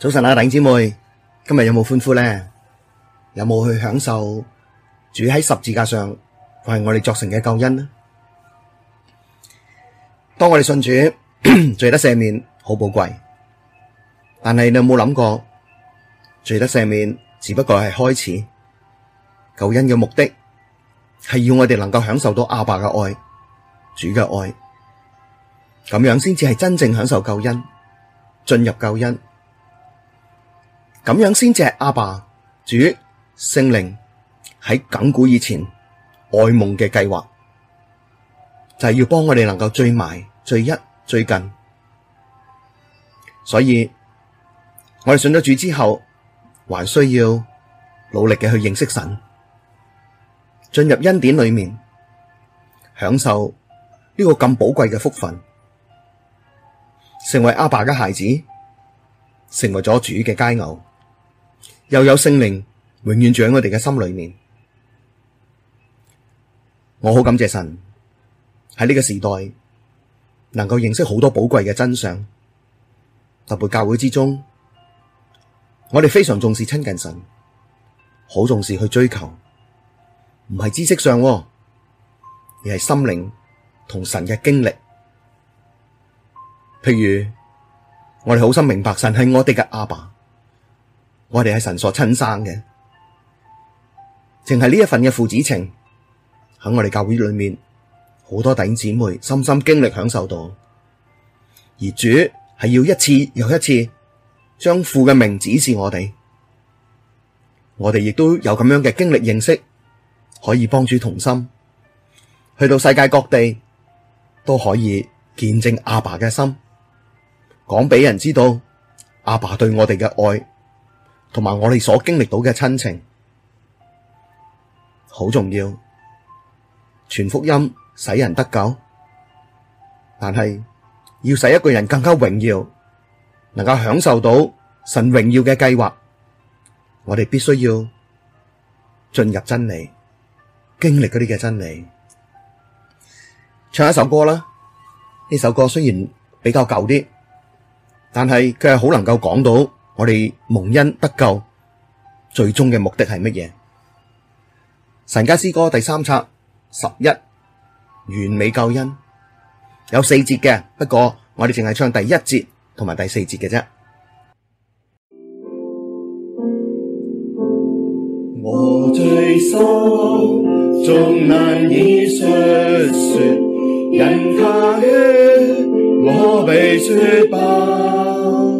早晨啊，頂姐妹，今日有冇歡呼咧？有冇去享受主喺十字架上為我哋作成嘅救恩咧？當我哋信主，咳咳罪得赦免好寶貴。但係你有冇諗過，罪得赦免只不過係開始，救恩嘅目的係要我哋能夠享受到阿爸嘅愛，主嘅愛，咁樣先至係真正享受救恩，進入救恩。咁樣先至係阿爸主聖靈喺亙古以前愛夢嘅計劃，就係、是、要幫我哋能夠最埋最一最近。所以我哋信咗主之後，還需要努力嘅去認識神，進入恩典裏面，享受呢個咁寶貴嘅福分，成為阿爸嘅孩子，成為咗主嘅佳偶。又有聖靈永遠住喺我哋嘅心裏面，我好感謝神喺呢個時代能夠認識好多寶貴嘅真相，特別教會之中，我哋非常重視親近神，好重視去追求，唔係知識上啊，而係心靈同神嘅經歷。譬如我哋好深明白神係我哋嘅阿爸。我哋係神所親生嘅，淨係呢一份嘅父子情，喺我哋教會裏面，好多弟兄姊妹深深經歷享受到，而主係要一次又一次將父嘅名指示我哋，我哋亦都有咁樣嘅經歷認識，可以幫助同心，去到世界各地都可以見證阿爸嘅心，講俾人知道阿爸對我哋嘅愛。同埋我哋所經歷到嘅親情，好重要。全福音使人得救，但係要使一個人更加榮耀，能夠享受到神榮耀嘅計劃，我哋必須要進入真理，經歷嗰啲嘅真理。唱一首歌啦，呢首歌雖然比較舊啲，但係佢係好能夠講到。我哋蒙恩得救，最終嘅目的係乜嘢？神家詩歌第三冊十一完美救恩有四節嘅，不過我哋淨係唱第一節同埋第四節嘅啫。我罪深，重難以述說，因祂血，我比雪白。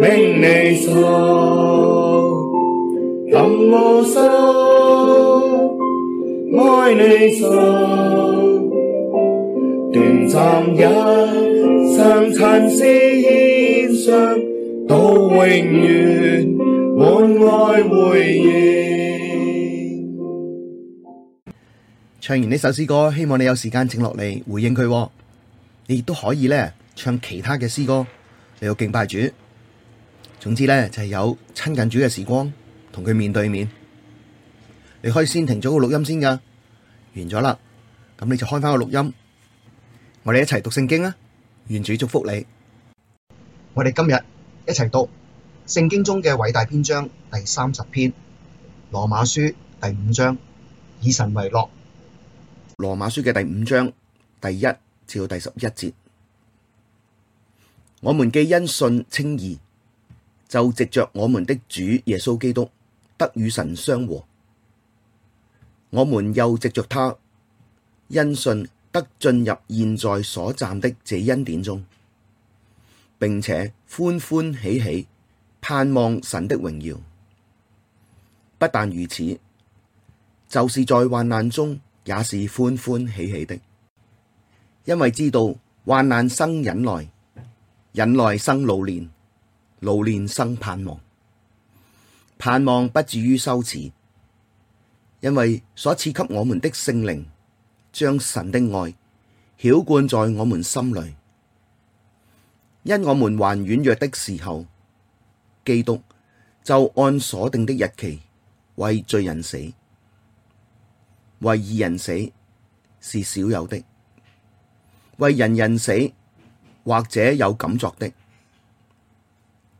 明你心，感我心，愛你深，短暫人生趁時獻上，到永遠，滿愛回應。唱完呢首詩歌，希望你有時間靜落嚟回應佢。你亦都可以咧唱其他嘅詩歌嚟到敬拜主。總之咧，就係、是、有親近主嘅時光，同佢面對面。你可以先停咗個錄音先，噶完咗啦，咁你就開翻個錄音，我哋一齊讀聖經啊。願主祝福你。我哋今日一齊讀聖經中嘅偉大篇章第三十篇《羅馬書》第五章，以神為樂。羅馬書嘅第五章第一至到第十一節，我們既因信稱義。就藉着我們的主耶穌基督得與神相和，我們又藉着他，因信得進入現在所站的這恩典中，並且歡歡喜喜盼望神的榮耀。不但如此，就是在患難中也是歡歡喜喜的，因為知道患難生忍耐，忍耐生老練。老練生盼望，盼望不至於羞恥，因為所賜給我們的聖靈將神的愛澆灌在我們心裡。因我們還軟弱的時候，基督就按所定的日期為罪人死，為義人死是少有的，為仁人死或者有敢作的。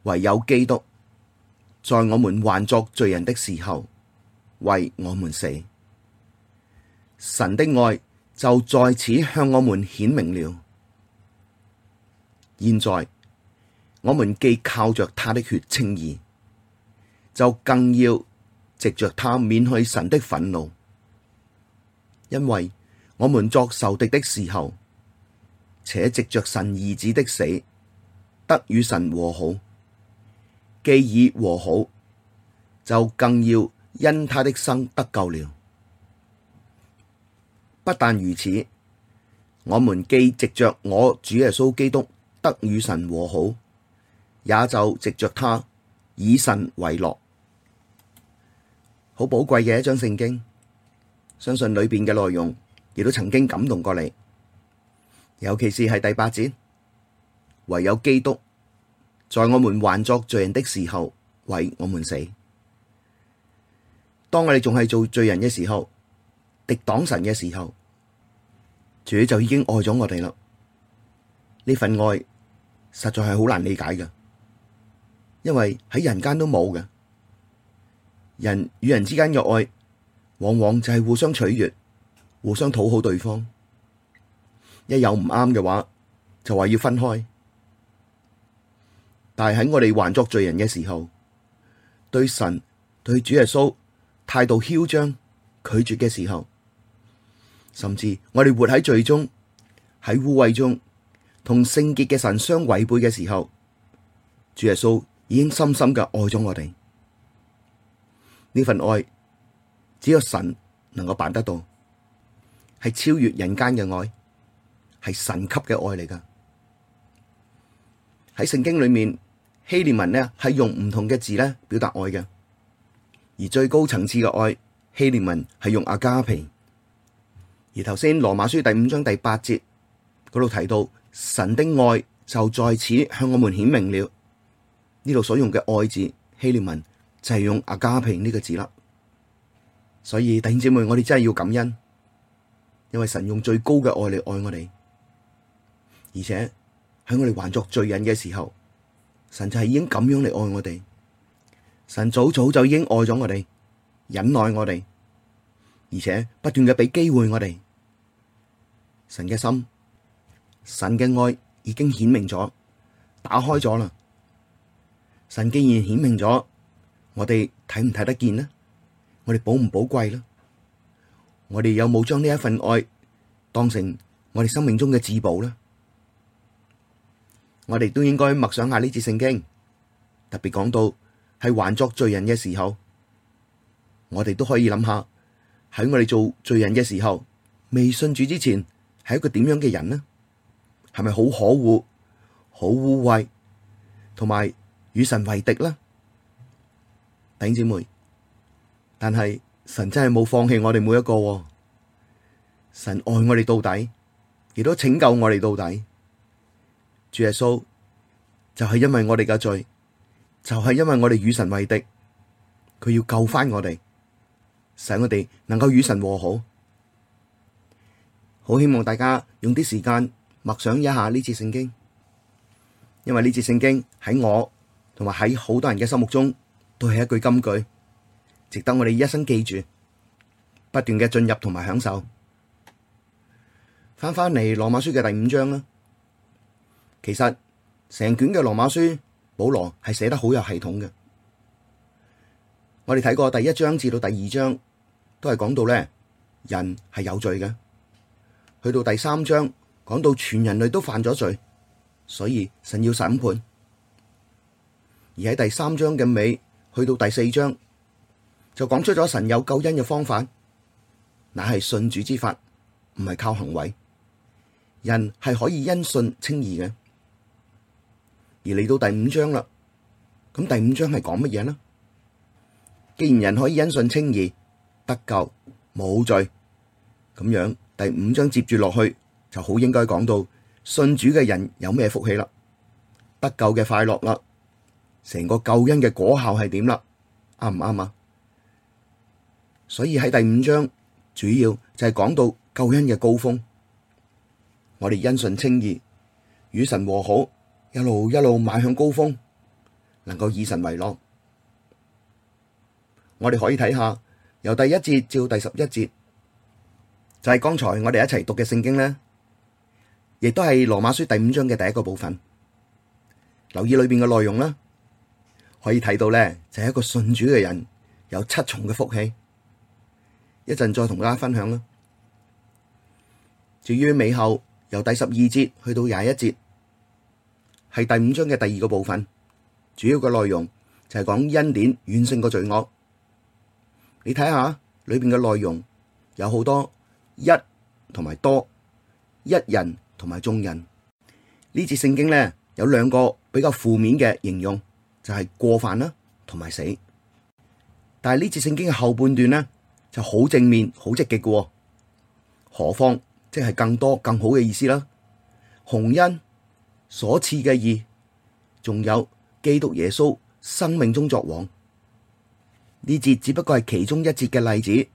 唯有基督在我們還作罪人的時候為我們死，神的愛就在此向我們顯明了。現在我們既靠着他的血稱義，就更要藉着他免去神的憤怒，因為我們作仇敵的時候，且藉着神兒子的死得與神和好。既已和好，就更要因他的生得救了。不但如此，我們既藉着我主耶穌基督得與神和好，也就藉着他以神為樂。好寶貴嘅一章聖經，相信裏邊嘅內容亦都曾經感動過你，尤其是喺第八節，唯有基督。在我們還作罪人的時候，為我們死；當我哋仲係做罪人嘅時候，敵擋神嘅時候，主就已經愛咗我哋啦。呢份愛實在係好難理解噶，因為喺人間都冇㗎。人與人之間嘅愛，往往就係互相取悅、互相討好對方。一有唔啱嘅話，就話要分開。但係喺我哋還作罪人嘅時候，對神、對主耶穌態度囂張、拒絕嘅時候，甚至我哋活喺罪中、喺污穢中，同聖潔嘅神相違背嘅時候，主耶穌已經深深嘅愛咗我哋。呢份愛只有神能夠辦得到，係超越人間嘅愛，係神級嘅愛嚟噶。喺聖經裏面，希臘文呢係用唔同嘅字呢表達愛嘅，而最高層次嘅愛，希臘文係用阿加平。而頭先羅馬書第五章第八節嗰度提到神的愛就在此向我們顯明了，呢度所用嘅愛字希臘文就係用阿加平呢個字啦。所以弟兄姐妹，我哋真係要感恩，因為神用最高嘅愛嚟愛我哋，而且喺我哋還作罪人嘅時候。神就係已經咁樣嚟愛我哋，神早早就已經愛咗我哋，忍耐我哋，而且不斷嘅俾機會我哋。神嘅心，神嘅愛已經顯明咗，打開咗啦。神既然顯明咗，我哋睇唔睇得見呢？我哋寶唔寶貴呢？我哋有冇將呢一份愛當成我哋生命中嘅至寶呢？我哋都應該默想下呢節聖經，特別講到係還作罪人嘅時候，我哋都可以諗下喺我哋做罪人嘅時候，未信主之前係一個點樣嘅人呢？係咪好可惡、好污穢，同埋與神為敵呢？弟兄姊妹，但係神真係冇放棄我哋每一個，神愛我哋到底，亦都拯救我哋到底。主耶穌就係因為我哋嘅罪，就係、是、因為我哋與神為敵，佢要救翻我哋，使我哋能夠與神和好。好希望大家用啲時間默想一下呢節聖經，因為呢節聖經喺我同埋喺好多人嘅心目中都係一句金句，值得我哋一生記住，不斷嘅進入同埋享受。翻返嚟羅馬書嘅第五章啦。其實成卷嘅羅馬書，保羅係寫得好有系統嘅。我哋睇過第一章至到第二章，都係講到咧，人係有罪嘅。去到第三章，講到全人類都犯咗罪，所以神要審判。而喺第三章嘅尾，去到第四章，就講出咗神有救恩嘅方法，乃係信主之法，唔係靠行為。人係可以因信稱義嘅。而嚟到第五章啦，咁第五章係講乜嘢呢？既然人可以因信稱義得救冇罪，咁樣第五章接住落去就好應該講到信主嘅人有咩福氣啦，得救嘅快樂啦，成個救恩嘅果效係點啦？啱唔啱啊？所以喺第五章主要就係講到救恩嘅高峰，我哋因信稱義與神和好。一路一路邁向高峰，能夠以神為樂。我哋可以睇下由第一節照到第十一節，就係剛才我哋一齊讀嘅聖經啦，亦都係羅馬書第五章嘅第一個部分。留意裏邊嘅內容啦，可以睇到咧，就係一個信主嘅人有七重嘅福氣。一陣再同大家分享啦。至於尾後由第十二節去到廿一節。係第五章嘅第二個部分，主要嘅內容就係講恩典遠勝過罪惡。你睇下裏邊嘅內容有，有好多一同埋多一人同埋眾人。呢節聖經咧，有兩個比較負面嘅形容，就係、是、過犯啦同埋死。但係呢節聖經嘅後半段咧，就好正面好積極嘅，何況，即係更多更好嘅意思啦，洪恩。所賜嘅義仲有基督耶穌生命中作王呢節，只不過係其中一節嘅例子。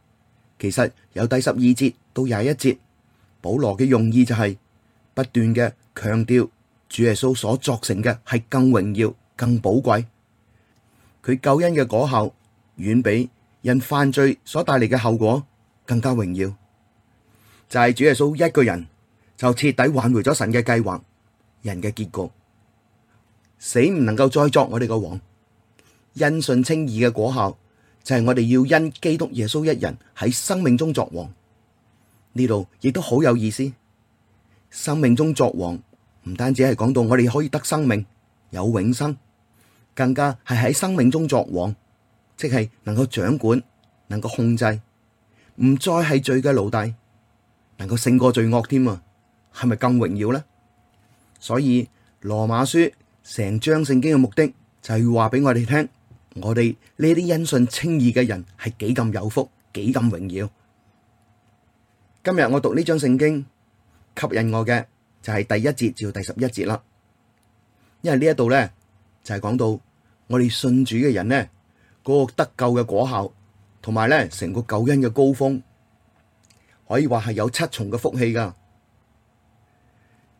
其實由第十二節到廿一節，保羅嘅用意就係不斷嘅強調主耶穌所作成嘅係更榮耀、更寶貴。佢救恩嘅果效遠比人犯罪所帶嚟嘅後果更加榮耀。就係、是、主耶穌一個人就徹底挽回咗神嘅計劃。人嘅結局，死唔能夠再作我哋個王。因信稱義嘅果效，就係我哋要因基督耶穌一人喺生命中作王。呢度亦都好有意思，生命中作王，唔單止係講到我哋可以得生命，有永生，更加係喺生命中作王，即係能夠掌管、能夠控制，唔再係罪嘅奴隸，能夠勝過罪惡添啊！係咪更榮耀呢？所以羅馬書成張聖經嘅目的就係話俾我哋聽，我哋呢啲因信稱義嘅人係幾咁有福，幾咁榮耀。今日我讀呢張聖經，吸引我嘅就係、是、第一節至到第十一節啦。因為呢一度咧就係、是、講到我哋信主嘅人呢，嗰、那個得救嘅果效，同埋咧成個救恩嘅高峰，可以話係有七重嘅福氣噶。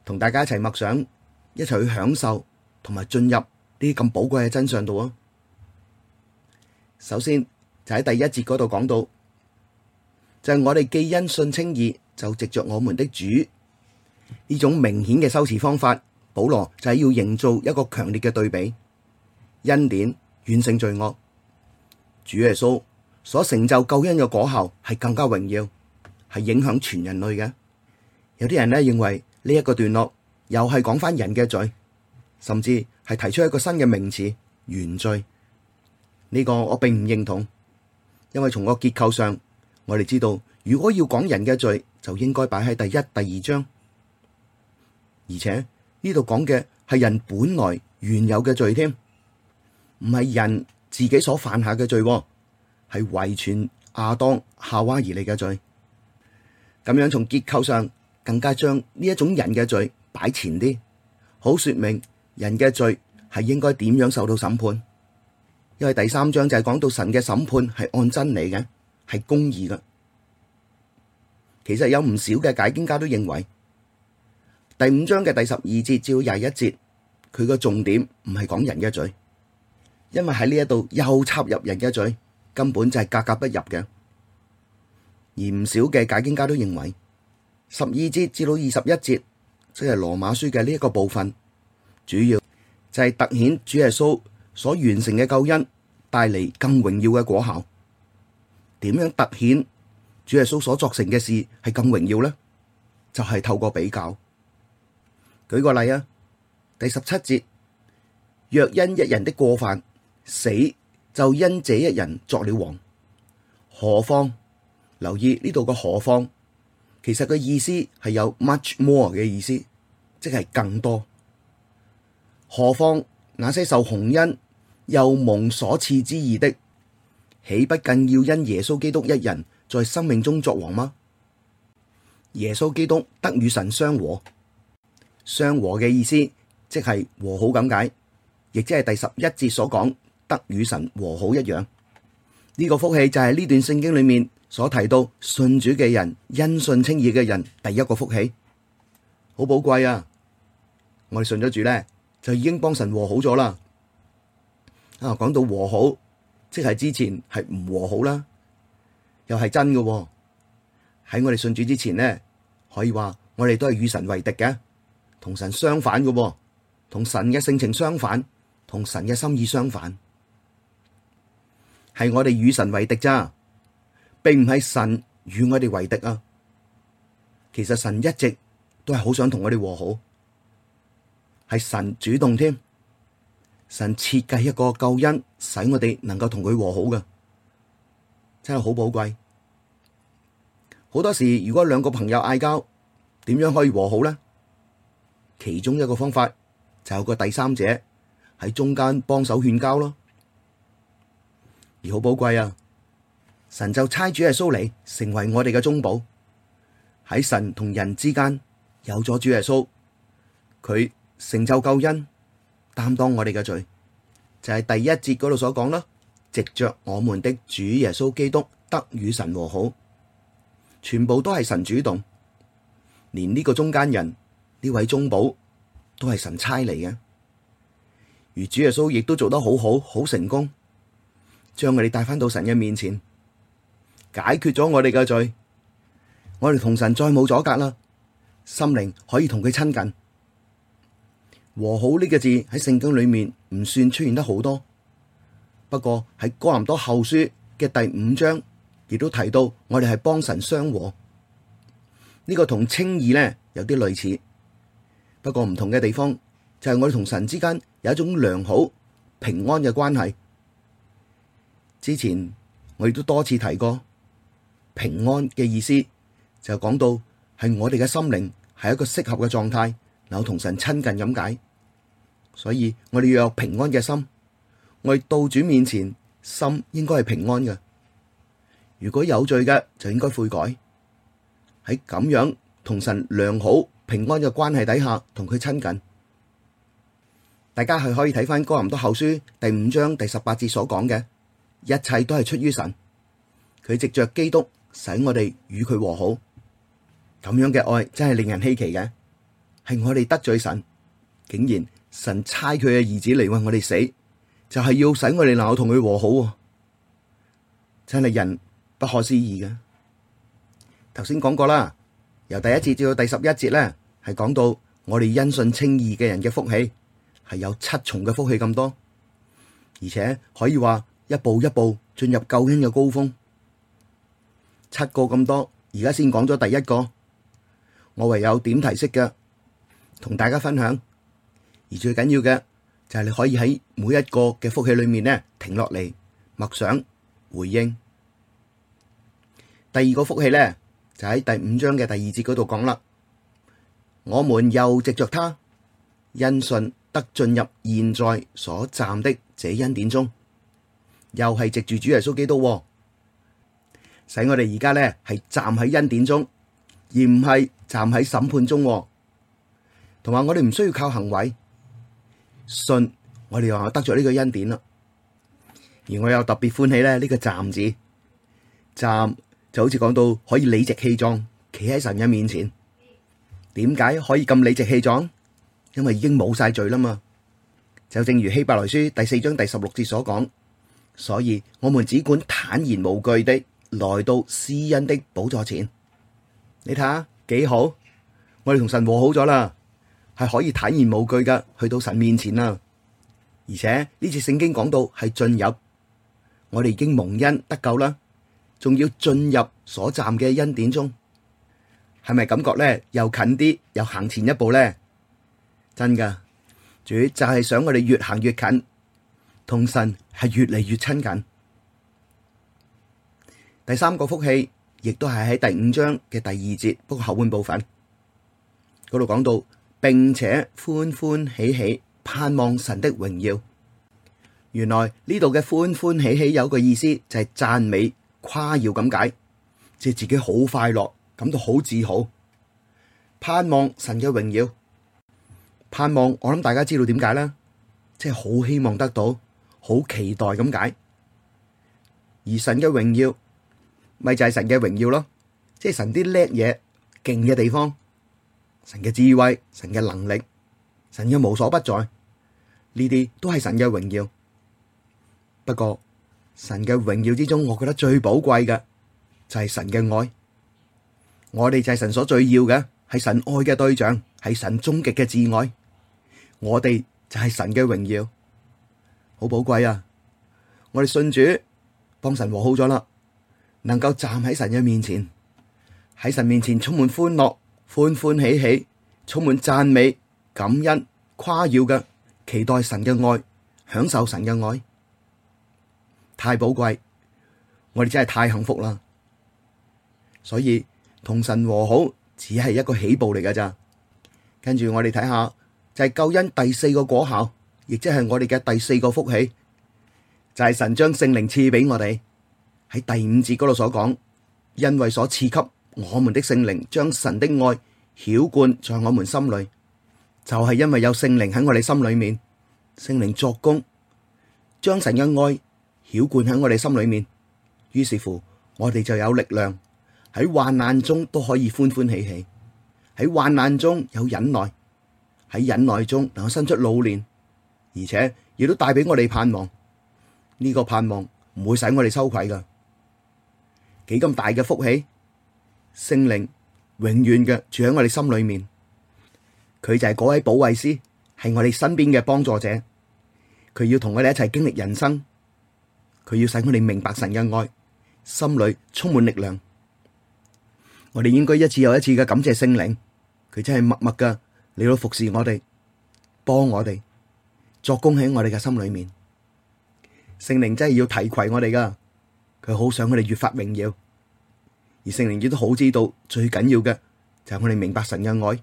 同大家一齊默想，一齊去享受同埋進入呢啲咁寶貴嘅真相度啊。首先就喺第一節嗰度講到，就係我哋既因信稱義，就藉着我們的主，呢種明顯嘅修辭方法，保羅就係要營造一個強烈嘅對比：恩典遠勝罪惡，主耶穌所成就救恩嘅果效係更加榮耀，係影響全人類嘅。有啲人呢認為。呢一個段落又係講翻人嘅罪，甚至係提出一個新嘅名詞原罪。呢、這個我並唔認同，因為從個結構上，我哋知道如果要講人嘅罪，就應該擺喺第一、第二章。而且呢度講嘅係人本來原有嘅罪添，唔係人自己所犯下嘅罪，係遺傳亞當夏娃而嚟嘅罪。咁樣從結構上。更加將呢一種人嘅罪擺前啲，好說明人嘅罪係應該點樣受到審判。因為第三章就係講到神嘅審判係按真理嘅，係公義嘅。其實有唔少嘅解經家都認為，第五章嘅第十二節至廿一節，佢個重點唔係講人嘅罪，因為喺呢一度又插入人嘅罪，根本就係格格不入嘅。而唔少嘅解經家都認為。十二節至到二十一節，即係羅馬書嘅呢一個部分，主要就係突顯主耶穌所完成嘅救恩帶嚟更榮耀嘅果效。點樣突顯主耶穌所作成嘅事係咁榮耀呢？就係、是、透過比較。舉個例啊，第十七節：若因一人的過犯死，就因這一人作了王。何況？留意呢度個何況？其實個意思係有 much more 嘅意思，即係更多。何況那些受洪恩、又蒙所賜之義的，豈不更要因耶穌基督一人在生命中作王嗎？耶穌基督得與神相和，相和嘅意思即係和好咁解，亦即係第十一節所講得與神和好一樣。呢、這個福氣就喺呢段聖經裏面。所提到信主嘅人，因信稱義嘅人，第一個福氣好寶貴啊！我哋信咗主咧，就已經幫神和好咗啦。啊，講到和好，即係之前係唔和好啦，又係真嘅、啊。喺我哋信主之前呢，可以話我哋都係與神為敵嘅，同神相反嘅、啊，同神嘅性情相反，同神嘅心意相反，係我哋與神為敵咋。並唔係神與我哋為敵啊！其實神一直都係好想同我哋和好，係神主動添，神設計一個救恩，使我哋能夠同佢和好噶，真係好寶貴。好多時如果兩個朋友嗌交，點樣可以和好呢？其中一個方法就有個第三者喺中間幫手勸交咯，而好寶貴啊！神就差主耶穌嚟，成為我哋嘅中保，喺神同人之間有咗主耶穌，佢成就救恩，擔當我哋嘅罪，就係第一節嗰度所講啦。藉着我們的主耶穌基督得與神和好，全部都係神主動，連呢個中間人呢位中保都係神差嚟嘅，而主耶穌亦都做得好好，好成功，將我哋帶翻到神嘅面前。解決咗我哋嘅罪，我哋同神再冇阻隔啦，心靈可以同佢親近。和好呢個字喺聖經裏面唔算出現得好多，不過喺哥林多後書嘅第五章亦都提到，我哋係幫神相和呢個同稱義呢有啲類似，不過唔同嘅地方就係我哋同神之間有一種良好平安嘅關係。之前我亦都多次提過。平安的意思，就講到，是我們的心靈，是一個適合的狀態，然後同神親近咁解。所以，我們要有平安的心，我哋到主面前，心應該是平安的。如果有罪的，就應該悔改。在這樣，和神良好平安的關係底下，和他親近。大家是可以睇返哥林多後書，第五章第十八節所講的，一切都是出於神，他藉着基督，使我哋與佢和好，咁樣嘅愛真係令人稀奇嘅。係我哋得罪神，竟然神差佢嘅兒子嚟為我哋死，就係要使我哋能夠同佢和好。真係人不可思議嘅。頭先講過啦，由第一節至到第十一節咧，係講到我哋因信稱義嘅人嘅福氣，係有七重嘅福氣咁多，而且可以話一步一步進入救恩嘅高峰。七個咁多，而家先講咗第一個，我唯有點提示嘅，同大家分享。而最緊要嘅就係你可以喺每一個嘅福氣裏面呢停落嚟默想回應。第二個福氣呢就喺第五章嘅第二節嗰度講啦。我們又藉著他，因信得進入現在所站的這恩典中，又係藉住主耶穌基督。使我哋而家咧係站喺恩典中，而唔係站喺審判中。同埋我哋唔需要靠行為信，我哋又話得咗呢個恩典啦。而我又特別歡喜咧呢個站字站，就好似講到可以理直氣壯企喺神嘅面前。點解可以咁理直氣壯？因為已經冇晒罪啦嘛。就正如希伯來書第四章第十六節所講，所以我們只管坦然無懼的。來到施恩的寶座前，你睇下幾好？我哋同神和好咗啦，係可以坦然無懼噶，去到神面前啦。而且呢次聖經講到係進入，我哋已經蒙恩得救啦，仲要進入所站嘅恩典中，係咪感覺咧？又近啲，又行前一步咧？真噶，主就係想我哋越行越近，同神係越嚟越親近。第三個福氣，亦都係喺第五章嘅第二節，不過後半部分嗰度講到，並且歡歡喜喜盼望神的榮耀。原來呢度嘅歡歡喜喜有個意思就係讚美誇耀咁解，即係自己好快樂，感到好自豪，盼望神嘅榮耀，盼望我諗大家知道點解啦，即係好希望得到，好期待咁解，而神嘅榮耀。咪就係神嘅榮耀咯，即係神啲叻嘢、勁嘅地方，神嘅智慧、神嘅能力、神嘅無所不在，呢啲都係神嘅榮耀。不過神嘅榮耀之中，我覺得最寶貴嘅就係神嘅愛。我哋就係神所最要嘅，係神愛嘅對象，係神終極嘅摯愛。我哋就係神嘅榮耀，好寶貴啊！我哋信主，幫神和好咗啦。能夠站喺神嘅面前，喺神面前充滿歡樂、歡歡喜喜，充滿讚美、感恩、誇耀嘅，期待神嘅愛，享受神嘅愛，太寶貴，我哋真係太幸福啦！所以同神和好只係一個起步嚟噶咋，跟住我哋睇下就係、是、救恩第四個果效，亦即係我哋嘅第四個福氣，就係、是、神將聖靈賜俾我哋。喺第五節嗰度所講，因為所賜給我們的聖靈將神的愛澆灌在我們心裏，就係、是、因為有聖靈喺我哋心裏面，聖靈作工，將神嘅愛澆灌喺我哋心裏面，於是乎我哋就有力量喺患難中都可以歡歡喜喜，喺患難中有忍耐，喺忍耐中能夠生出老練，而且亦都帶俾我哋盼望。呢、這個盼望唔會使我哋羞愧㗎。幾咁大嘅福氣，聖靈永遠嘅住喺我哋心裏面，佢就係嗰位保惠師，係我哋身邊嘅幫助者。佢要同我哋一齊經歷人生，佢要使我哋明白神嘅愛，心裏充滿力量。我哋應該一次又一次嘅感謝聖靈，佢真係默默嘅嚟到服侍我哋，幫我哋作工喺我哋嘅心裏面。聖靈真係要提攜我哋噶。佢好想我哋越發榮耀，而聖靈亦都好知道最緊要嘅就係我哋明白神嘅愛，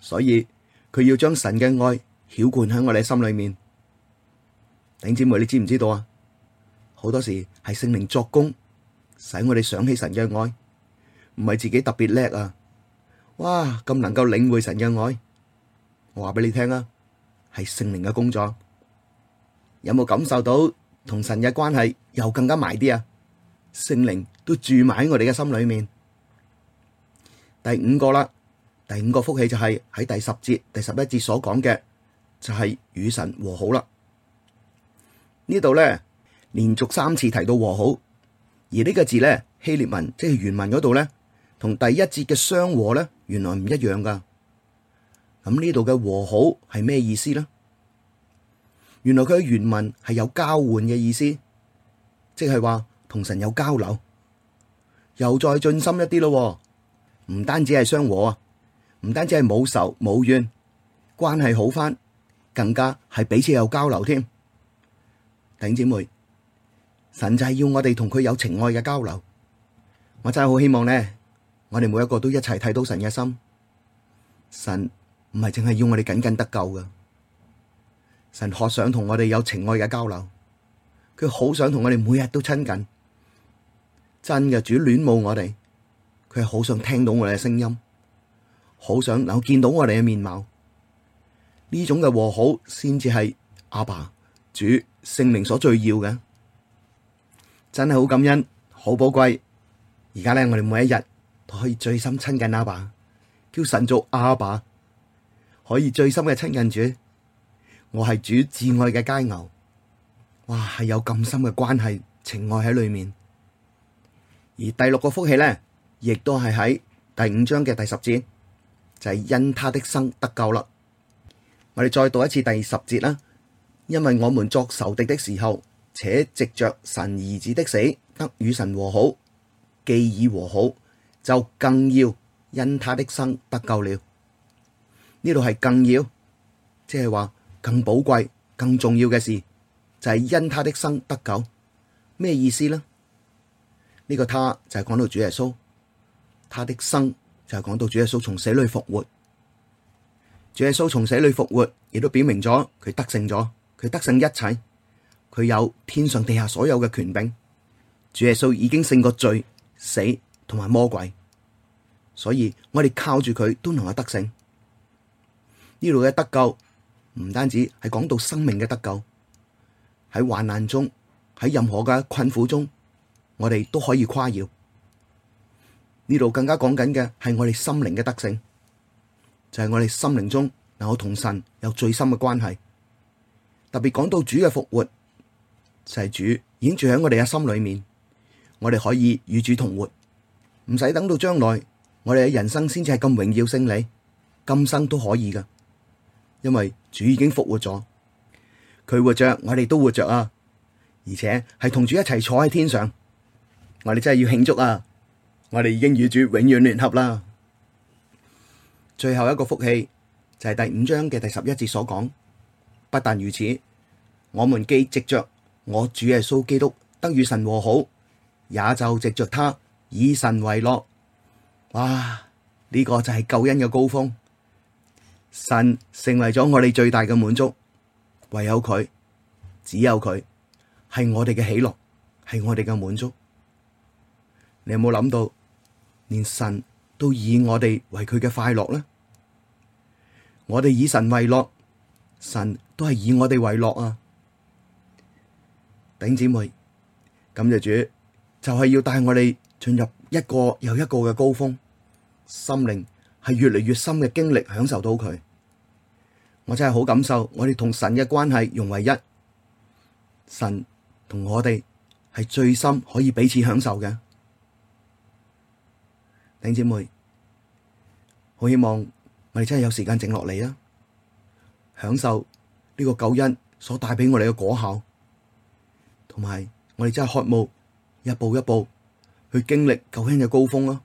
所以佢要將神嘅愛澆灌喺我哋心裏面。弟兄姊妹，你知唔知道啊？好多時係聖靈作工，使我哋想起神嘅愛，唔係自己特別叻啊！哇，咁能夠領會神嘅愛，我話俾你聽啊，係聖靈嘅工作。有冇感受到？同神嘅關係又更加埋啲啊，聖靈都住埋喺我哋嘅心裏面。第五個啦，第五個福氣就係喺第十節、第十一節所講嘅，就係、是、與神和好啦。呢度咧連續三次提到和好，而呢個字咧希臘文即係原文嗰度咧，同第一節嘅相和咧原來唔一樣噶。咁呢度嘅和好係咩意思呢？原來佢嘅原文係有交換嘅意思，即係話同神有交流，又再進深一啲咯。唔單止係相和，唔單止係冇仇冇怨，關係好翻，更加係彼此有交流添。弟兄姊妹，神就係要我哋同佢有情愛嘅交流。我真係好希望呢，我哋每一個都一齊睇到神嘅心。神唔係淨係要我哋僅僅得救噶。神渴想同我哋有情愛嘅交流，佢好想同我哋每日都親近，真嘅主戀慕我哋，佢好想聽到我哋嘅聲音，好想能夠見到我哋嘅面貌，呢種嘅和好先至係阿爸主聖靈所最要嘅，真係好感恩，好寶貴。而家咧，我哋每一日都可以最深親近阿爸，叫神做阿爸，可以最深嘅親近主。我係主至愛嘅佳牛，哇係有咁深嘅關係情愛喺裏面。而第六個福氣呢，亦都係喺第五章嘅第十節，就係因他的生得救啦。我哋再讀一次第十節啦，因為我們作仇敵的時候，且藉着神兒子的死得與神和好，既已和好，就更要因他的生得救了。呢度係更要，即係話。更寶貴、更重要嘅事就係、是、因他的生得救，咩意思呢？呢、這個他就係講到主耶穌，他的生就係講到主耶穌從死裏復活。主耶穌從死裏復活，亦都表明咗佢得勝咗，佢得，得勝一切，佢有天上地下所有嘅權柄。主耶穌已經勝過罪、死同埋魔鬼，所以我哋靠住佢都能夠得勝呢度嘅得救。唔單止係講到生命嘅得救，喺患難中，喺任何嘅困苦中，我哋都可以誇耀。呢度更加講緊嘅係我哋心靈嘅得勝，就係我哋心靈中能夠同神有最深嘅關係。特別講到主嘅復活，就係主已經住喺我哋嘅心裏面，我哋可以與主同活，唔使等到將來，我哋嘅人生先至係咁榮耀勝利，今生都可以噶。因為主已經復活咗，佢活着，我哋都活着啊！而且係同主一齊坐喺天上，我哋真係要慶祝啊！我哋已經與主永遠聯合啦。最後一個福氣就係、是、第五章嘅第十一節所講，不但如此，我們既藉着我主耶穌基督得與神和好，也就藉着他以神為樂。哇！呢、這個就係救恩嘅高峰。神成為咗我哋最大嘅滿足，唯有佢，只有佢，係我哋嘅喜樂，係我哋嘅滿足。你有冇諗到，連神都以我哋為佢嘅快樂呢？我哋以神為樂，神都係以我哋為樂啊！丁姊妹，感謝主，就係要帶我哋進入一個又一個嘅高峰，心靈。係越嚟越深嘅經歷，享受到佢，我真係好感受，我哋同神嘅關係融為一，神同我哋係最深可以彼此享受嘅。頂姐妹，好希望我哋真係有時間整落嚟啦，享受呢個救恩所帶俾我哋嘅果效，同埋我哋真係渴慕，一步一步去經歷救恩嘅高峰啦。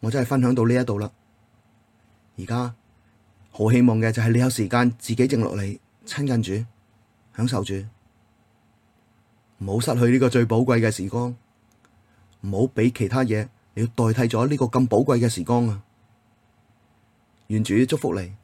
我真係分享到呢一度啦，而家好希望嘅就係你有時間自己靜落嚟親近住，享受住，唔好失去呢個最寶貴嘅時光，唔好俾其他嘢你要代替咗呢個咁寶貴嘅時光啊！願主祝福你。